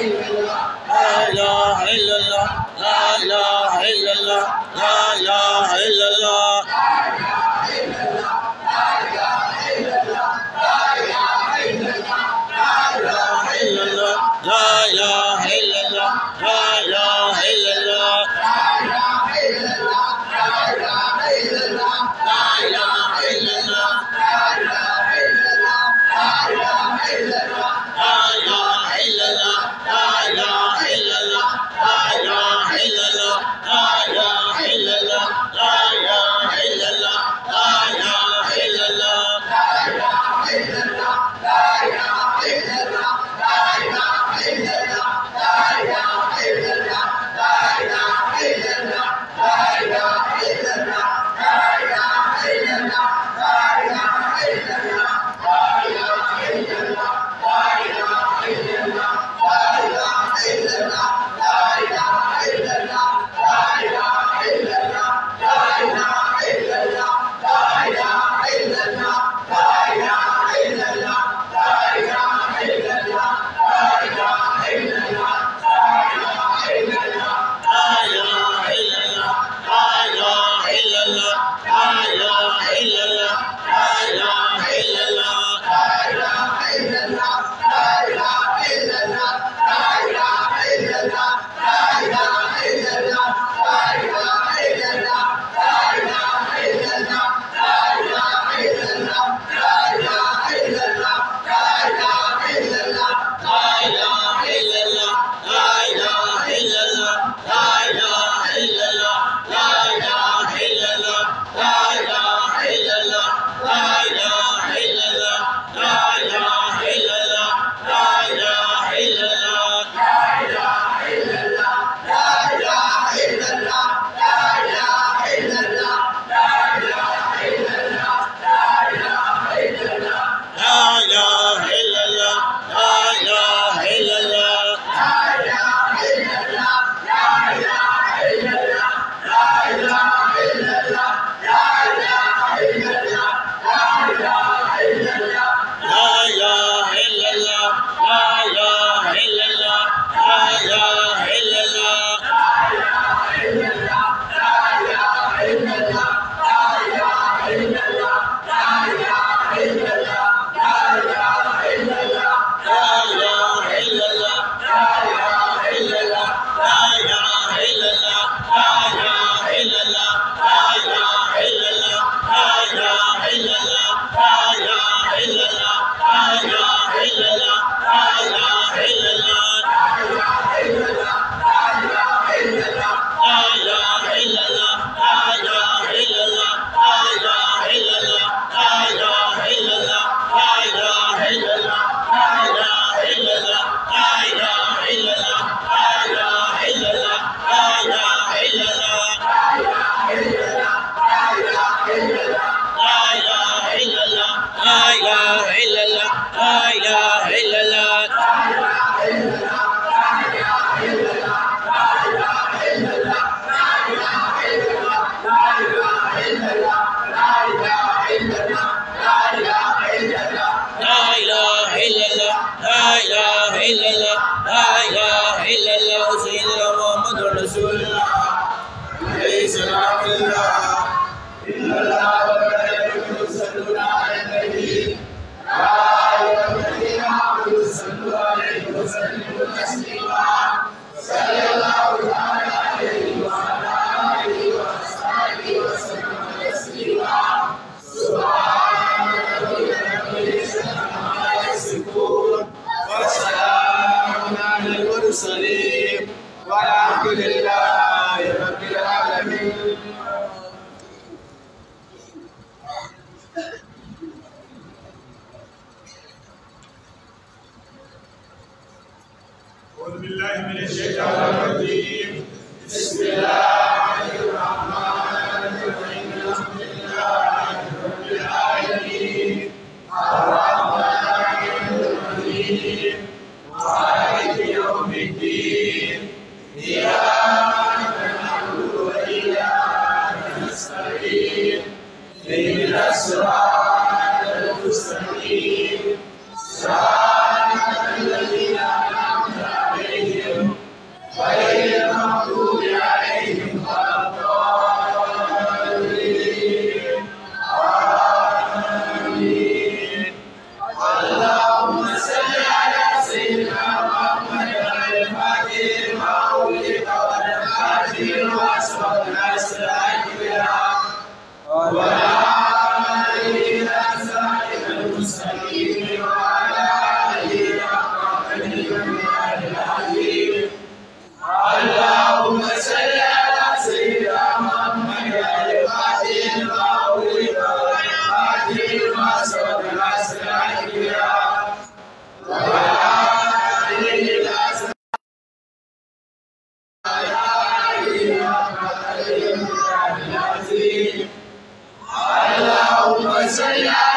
اله الا الله لا اله الا الله لا اله La la la la la la لا إله إلا الله سيدنا محمد رسول الله عليه السلام Messiah.